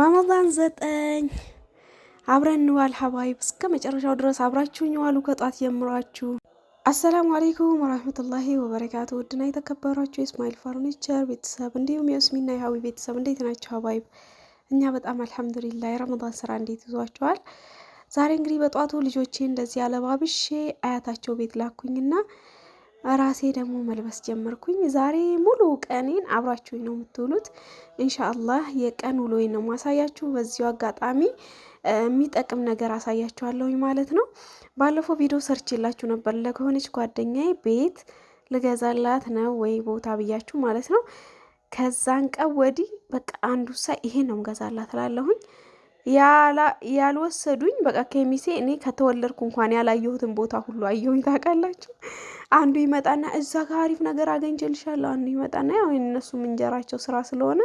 ረመዳን ዘጠኝ አብረን እንዋል ሀባይብ እስከ መጨረሻው ድረስ አብራችሁኝ ዋሉ ከጧት ጀምሯችሁ። አሰላሙ አሌይኩም ወራህመቱላሂ ወበረካቱ። ውድና የተከበሯችሁ የእስማኤል ፈርኒቸር ቤተሰብ እንዲሁም የእስሚና የሀዊ ቤተሰብ እንዴት ናቸው ሀባይብ? እኛ በጣም አልሐምዱሊላ። የረመዳን ስራ እንዴት ይዟችኋል? ዛሬ እንግዲህ በጧቱ ልጆቼ እንደዚህ አለባብሼ አያታቸው ቤት ላኩኝና ራሴ ደግሞ መልበስ ጀመርኩኝ። ዛሬ ሙሉ ቀኔን አብራችሁኝ ነው የምትውሉት። ኢንሻአላህ የቀን ውሎዬን ነው ማሳያችሁ። በዚሁ አጋጣሚ የሚጠቅም ነገር አሳያችኋለሁኝ ማለት ነው። ባለፈው ቪዲዮ ሰርችላችሁ ነበር ለከሆነች ጓደኛዬ ቤት ልገዛላት ነው ወይ ቦታ ብያችሁ ማለት ነው። ከዛን ቀን ወዲህ በቃ አንዱ ሳ ይሄን ነው ምገዛላት እላለሁኝ። ያልወሰዱኝ በቃ ከሚሴ እኔ ከተወለድኩ እንኳን ያላየሁትን ቦታ ሁሉ አየሁኝ። ታውቃላችሁ፣ አንዱ ይመጣና እዛ ጋር አሪፍ ነገር አገኝቼልሻለሁ። አንዱ ይመጣና ያው እነሱም እንጀራቸው ስራ ስለሆነ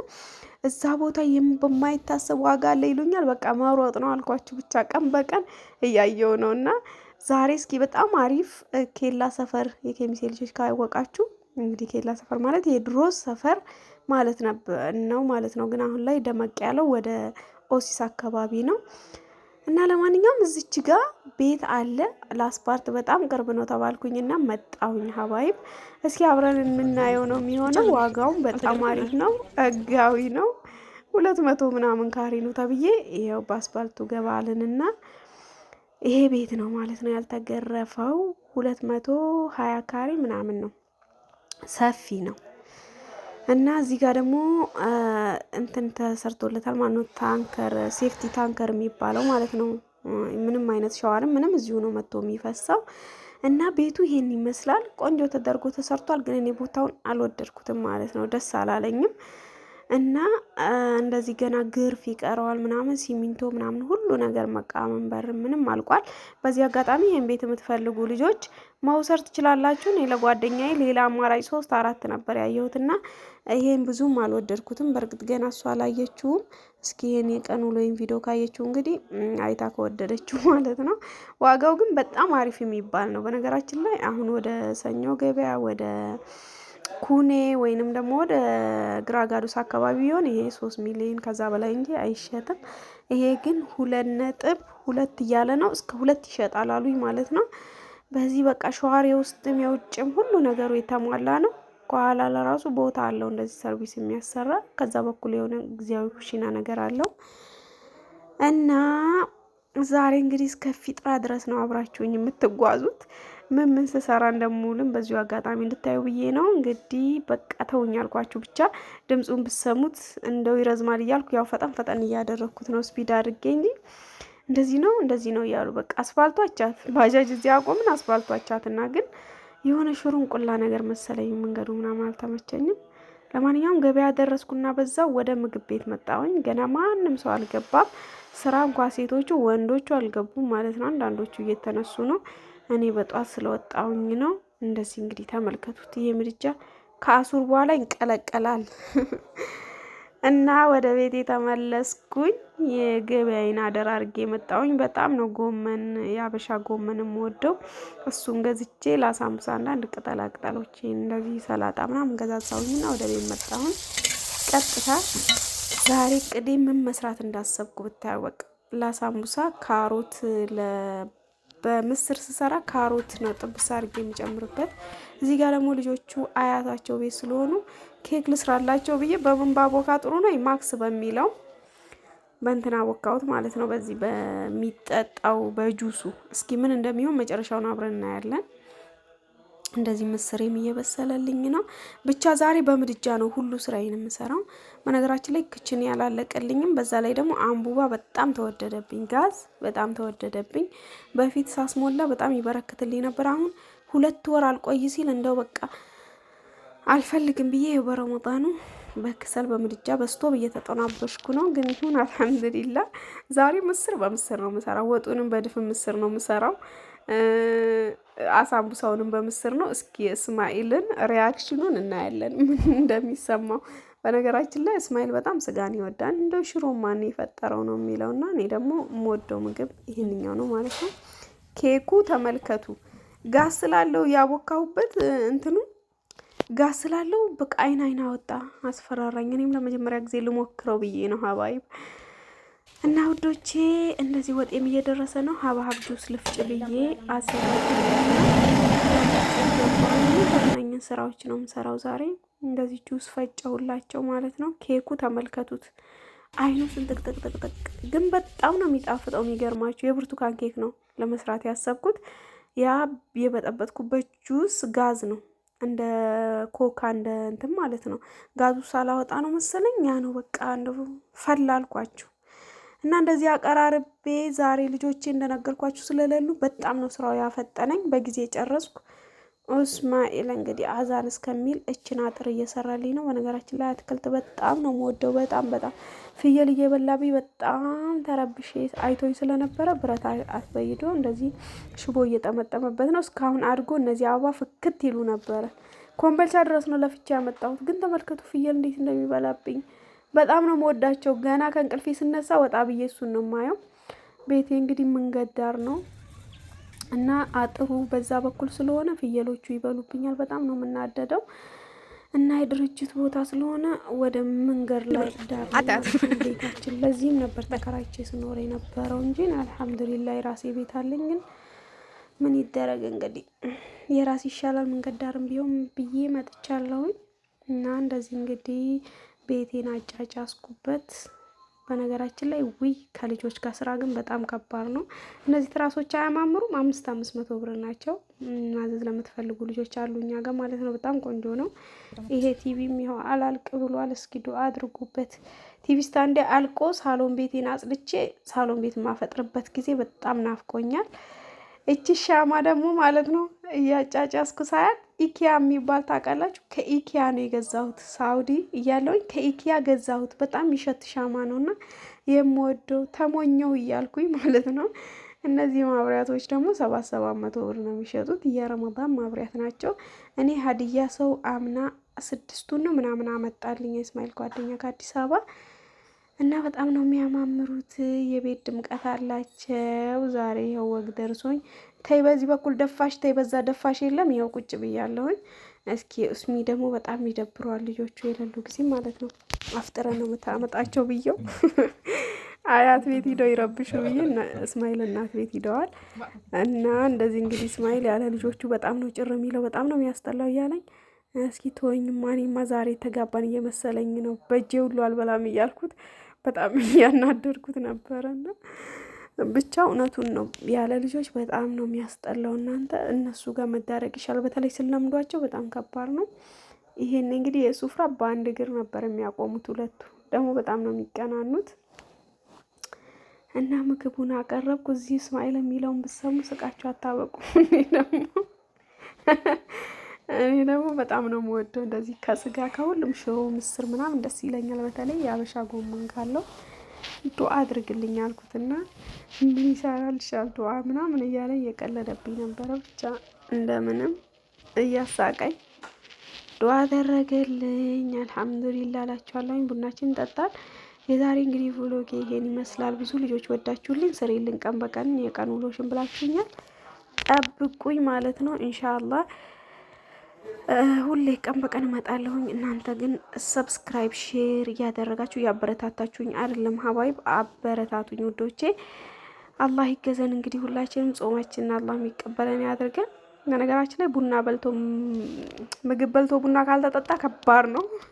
እዛ ቦታ በማይታሰብ ዋጋ አለ ይሉኛል። በቃ መሮጥ ነው አልኳችሁ። ብቻ ቀን በቀን እያየው ነው እና ዛሬ እስኪ በጣም አሪፍ ኬላ ሰፈር የኬሚሴ ልጆች ካወቃችሁ እንግዲህ ኬላ ሰፈር ማለት የድሮ ሰፈር ማለት ነው ማለት ነው። ግን አሁን ላይ ደመቅ ያለው ወደ ኦሲስ አካባቢ ነው። እና ለማንኛውም እዚች ጋ ቤት አለ ላስፓርት በጣም ቅርብ ነው ተባልኩኝና መጣሁኝ። ሀባይም እስኪ አብረን የምናየው ነው የሚሆነው። ዋጋውም በጣም አሪፍ ነው፣ ህጋዊ ነው። ሁለት መቶ ምናምን ካሬ ነው ተብዬ ይኸው በአስፓልቱ ገባልንና ይሄ ቤት ነው ማለት ነው ያልተገረፈው። ሁለት መቶ ሀያ ካሬ ምናምን ነው፣ ሰፊ ነው። እና እዚህ ጋር ደግሞ እንትን ተሰርቶለታል ማለት ነው። ታንከር ሴፍቲ ታንከር የሚባለው ማለት ነው። ምንም አይነት ሸዋርም ምንም እዚሁ ነው መጥቶ የሚፈሳው እና ቤቱ ይሄን ይመስላል። ቆንጆ ተደርጎ ተሰርቷል። ግን እኔ ቦታውን አልወደድኩትም ማለት ነው። ደስ አላለኝም። እና እንደዚህ ገና ግርፍ ይቀረዋል ምናምን ሲሚንቶ ምናምን ሁሉ ነገር መቃመን በር ምንም አልቋል። በዚህ አጋጣሚ ይህን ቤት የምትፈልጉ ልጆች መውሰድ ትችላላችሁ። እኔ ለጓደኛዬ ሌላ አማራጭ ሶስት አራት ነበር ያየሁትና ይሄን ብዙም አልወደድኩትም። በእርግጥ ገና እሷ አላየችውም። እስኪ ይህን የቀን ወይም ቪዲዮ ካየችው እንግዲህ አይታ ከወደደችው ማለት ነው። ዋጋው ግን በጣም አሪፍ የሚባል ነው። በነገራችን ላይ አሁን ወደ ሰኞ ገበያ ወደ ኩኔ ወይንም ደግሞ ወደ ግራጋዱስ አካባቢ ቢሆን ይሄ ሶስት ሚሊዮን ከዛ በላይ እንጂ አይሸጥም። ይሄ ግን ሁለት ነጥብ ሁለት እያለ ነው እስከ ሁለት ይሸጣል አሉኝ ማለት ነው። በዚህ በቃ ሸዋሬ ውስጥም የውጭም ሁሉ ነገሩ የተሟላ ነው። ከኋላ ለራሱ ቦታ አለው እንደዚህ ሰርቪስ የሚያሰራ ከዛ በኩል የሆነ ጊዜያዊ ኩሽና ነገር አለው እና ዛሬ እንግዲህ እስከ ፊጥራ ድረስ ነው አብራችሁኝ የምትጓዙት። ምን ምን ስሰራ እንደምውልም በዚሁ አጋጣሚ እንድታዩ ብዬ ነው። እንግዲህ በቃ ተውኝ አልኳችሁ። ብቻ ድምፁን ብሰሙት እንደው ይረዝማል እያልኩ ያው ፈጠን ፈጠን እያደረግኩት ነው፣ ስፒድ አድርጌ እንጂ እንደዚህ ነው እንደዚህ ነው እያሉ በቃ አስፋልቷቻት ባጃጅ እዚህ አቆምን። አስፋልቷቻትና ግን የሆነ ቁላ ነገር መሰለኝ መንገዱ ምናምን አልተመቸኝም። ለማንኛውም ገበያ ደረስኩና በዛው ወደ ምግብ ቤት መጣውኝ ገና ማንም ሰው አልገባም። ስራ እንኳ ሴቶቹ ወንዶቹ አልገቡም ማለት ነው። አንዳንዶቹ እየተነሱ ነው እኔ በጧት ስለወጣውኝ ነው። እንደዚህ እንግዲህ ተመልከቱት። ይሄ ምድጃ ከአሱር በኋላ ይንቀለቀላል እና ወደ ቤት የተመለስኩኝ የገበያይን አደር አድርጌ የመጣውኝ በጣም ነው ጎመን የአበሻ ጎመን ወደው እሱን ገዝቼ ለአሳምሳ አንዳንድ ቅጠላ ቅጠሎች እንደዚህ ሰላጣ ምናምን ገዛዛውኝና ወደ ቤት መጣሁኝ። ቀጥታ ዛሬ ቅዴ ምን መስራት እንዳሰብኩ ብታያወቅ ለአሳምቡሳ ካሮት ለ በምስር ስሰራ ካሮት ነው ጥብስ አድርጌ የሚጨምርበት። እዚህ ጋር ደግሞ ልጆቹ አያታቸው ቤት ስለሆኑ ኬክ ልስራላቸው ብዬ በቡንባ ቦካ ጥሩ ነው ማክስ በሚለው በእንትና ቦካውት ማለት ነው። በዚህ በሚጠጣው በጁሱ እስኪ ምን እንደሚሆን መጨረሻውን አብረን እናያለን። እንደዚህ ምስሬም እየበሰለልኝ ነው። ብቻ ዛሬ በምድጃ ነው ሁሉ ስራዬን የምሰራው። በነገራችን ላይ ክችን ያላለቀልኝም። በዛ ላይ ደግሞ አንቡባ በጣም ተወደደብኝ፣ ጋዝ በጣም ተወደደብኝ። በፊት ሳስሞላ በጣም ይበረክትልኝ ነበር። አሁን ሁለት ወር አልቆይ ሲል እንደው በቃ አልፈልግም ብዬ በረመጣኑ በክሰል በምድጃ በስቶብ እየተጠናበሽኩ ነው። ግን ይሁን አልሐምዱሊላ። ዛሬ ምስር በምስር ነው የምሰራው። ወጡንም በድፍን ምስር ነው የምሰራው። አሳምቡሳውንም በምስር ነው። እስኪ እስማኤልን ሪያክሽኑን እናያለን ምን እንደሚሰማው። በነገራችን ላይ እስማኤል በጣም ስጋን ይወዳል። እንደው ሽሮ ማን የፈጠረው ነው የሚለው እና እኔ ደግሞ የምወደው ምግብ ይህንኛው ነው ማለት ነው። ኬኩ ተመልከቱ፣ ጋዝ ስላለው ያቦካሁበት እንትኑ ጋዝ ስላለው በቃ አይን አይን አወጣ፣ አስፈራራኝ። እኔም ለመጀመሪያ ጊዜ ልሞክረው ብዬ ነው ሀባይብ እና ውዶቼ እንደዚህ ወጤም እየደረሰ ነው። ሀብሀብ ጁስ ልፍጭ ብዬ አዘጋጅናኝን ስራዎች ነው የምሰራው ዛሬ። እንደዚህ ጁስ ፈጨሁላቸው ማለት ነው። ኬኩ ተመልከቱት፣ አይኑ ስንጥቅጥቅጥቅጥቅ ግን በጣም ነው የሚጣፍጠው። የሚገርማችሁ የብርቱካን ኬክ ነው ለመስራት ያሰብኩት። ያ የበጠበጥኩበት ጁስ ጋዝ ነው እንደ ኮካ እንደ እንትን ማለት ነው። ጋዙ ሳላወጣ ነው መሰለኝ ያ ነው በቃ እንደ ፈላልኳችሁ እና እንደዚህ አቀራርቤ ዛሬ ልጆቼ እንደነገርኳችሁ ስለሌሉ በጣም ነው ስራው ያፈጠነኝ። በጊዜ ጨረስኩ። እስማኤል እንግዲህ አዛን እስከሚል እችን አጥር እየሰራልኝ ነው። በነገራችን ላይ አትክልት በጣም ነው የምወደው። በጣም በጣም ፍየል እየበላብኝ በጣም ተረብሼ አይቶኝ ስለነበረ ብረት አስበይዶ እንደዚህ ሽቦ እየጠመጠመበት ነው። እስካሁን አድጎ እነዚህ አበባ ፍክት ይሉ ነበረ። ኮምበልቻ ድረስ ነው ለፍቻ ያመጣሁት። ግን ተመልከቱ ፍየል እንዴት እንደሚበላብኝ በጣም ነው መወዳቸው። ገና ከእንቅልፌ ስነሳ ወጣ ብዬ እሱን ነው ማየው። ቤቴ እንግዲህ መንገድ ዳር ነው እና አጥሩ በዛ በኩል ስለሆነ ፍየሎቹ ይበሉብኛል። በጣም ነው የምናደደው። እና የድርጅት ቦታ ስለሆነ ወደ መንገድ ላይ ዳር ቤታችን። ለዚህም ነበር ተከራይቼ ስኖር የነበረው እንጂ አልሐምዱሊላ የራሴ ቤት አለኝ። ግን ምን ይደረግ እንግዲህ የራስ ይሻላል መንገድ ዳርም ቢሆን ብዬ መጥቻለሁኝ። እና እንደዚህ እንግዲህ ቤቴን አጫጫስኩበት። በነገራችን ላይ ውይ ከልጆች ጋር ስራ ግን በጣም ከባድ ነው። እነዚህ ትራሶች አያማምሩም። አምስት አምስት መቶ ብር ናቸው። ማዘዝ ለምትፈልጉ ልጆች አሉ እኛ ጋር ማለት ነው። በጣም ቆንጆ ነው። ይሄ ቲቪም ይኸው አላልቅ ብሏል። እስኪ ዱአ አድርጉበት። ቲቪ ስታንዴ አልቆ ሳሎን ቤቴን አጽልቼ ሳሎን ቤት የማፈጥርበት ጊዜ በጣም ናፍቆኛል። እቺ ሻማ ደግሞ ማለት ነው እያጫጫስኩ ሳያት ኢኪያ የሚባል ታውቃላችሁ? ከኢኪያ ነው የገዛሁት። ሳውዲ እያለውኝ ከኢኪያ ገዛሁት። በጣም ይሸት ሻማ ነው እና የምወደው ተሞኘው እያልኩኝ ማለት ነው። እነዚህ ማብሪያቶች ደግሞ ሰባት ሰባት መቶ ብር ነው የሚሸጡት። የረመዳን ማብሪያት ናቸው። እኔ ሀዲያ ሰው አምና ስድስቱን ነው ምናምን አመጣልኝ የእስማኤል ጓደኛ ከአዲስ አበባ እና በጣም ነው የሚያማምሩት። የቤት ድምቀት አላቸው። ዛሬ ይኸው ወግ ደርሶኝ ተይ በዚህ በኩል ደፋሽ፣ ተይ በዛ ደፋሽ የለም። ይኸው ቁጭ ብያለሁኝ። እስኪ እስሚ ደግሞ በጣም ይደብረዋል ልጆቹ የሌሉ ጊዜ ማለት ነው። አፍጥረ ነው የምታመጣቸው ብየው አያት ቤት ሂደው ይረብሹ ብዬ እስማኤል እናት ቤት ሂደዋል። እና እንደዚህ እንግዲህ እስማኤል ያለ ልጆቹ በጣም ነው ጭር የሚለው በጣም ነው የሚያስጠላው እያለኝ እስኪ ተወኝማ እኔማ ዛሬ ተጋባን እየመሰለኝ ነው በእጄ ሁሉ አልበላም እያልኩት በጣም እያናደርኩት ነበረና ብቻ እውነቱን ነው ያለ ልጆች በጣም ነው የሚያስጠላው። እናንተ እነሱ ጋር መዳረቅ ይሻላል። በተለይ ስለምዷቸው በጣም ከባድ ነው። ይሄን እንግዲህ የሱፍራ በአንድ እግር ነበር የሚያቆሙት። ሁለቱ ደግሞ በጣም ነው የሚቀናኑት እና ምግቡን አቀረብኩ። እዚህ እስማኤል የሚለውን ብሰሙ ስቃቸው አታበቁ። እኔ ደግሞ እኔ ደግሞ በጣም ነው የምወደው እንደዚህ ከስጋ ከሁሉም ሽሮ፣ ምስር ምናምን ደስ ይለኛል። በተለይ የአበሻ ጎመን ካለው ዱአ አድርግልኝ አልኩትና ምን ይሻል ዱአ ምናምን እያለ እየቀለደብኝ ነበረ። ብቻ እንደምንም እያሳቀኝ ዱአ አደረገልኝ። አልሐምዱሊላ እላችኋለሁኝ። ቡናችን ጠጣል። የዛሬ እንግዲህ ቪሎጌ ይሄን ይመስላል። ብዙ ልጆች ወዳችሁልኝ ስሪልን ቀን በቀን የቀን ውሎሽን ብላችሁኛል። ጠብቁኝ ማለት ነው ኢንሻአላህ ሁሌ ቀን በቀን እመጣለሁኝ። እናንተ ግን ሰብስክራይብ፣ ሼር እያደረጋችሁ እያበረታታችሁኝ አይደለም። ሀባይብ አበረታቱኝ ውዶቼ። አላህ ይገዘን። እንግዲህ ሁላችንም ጾማችንን አላህ የሚቀበለን ያድርገን። በነገራችን ላይ ቡና በልቶ ምግብ በልቶ ቡና ካልተጠጣ ከባድ ነው።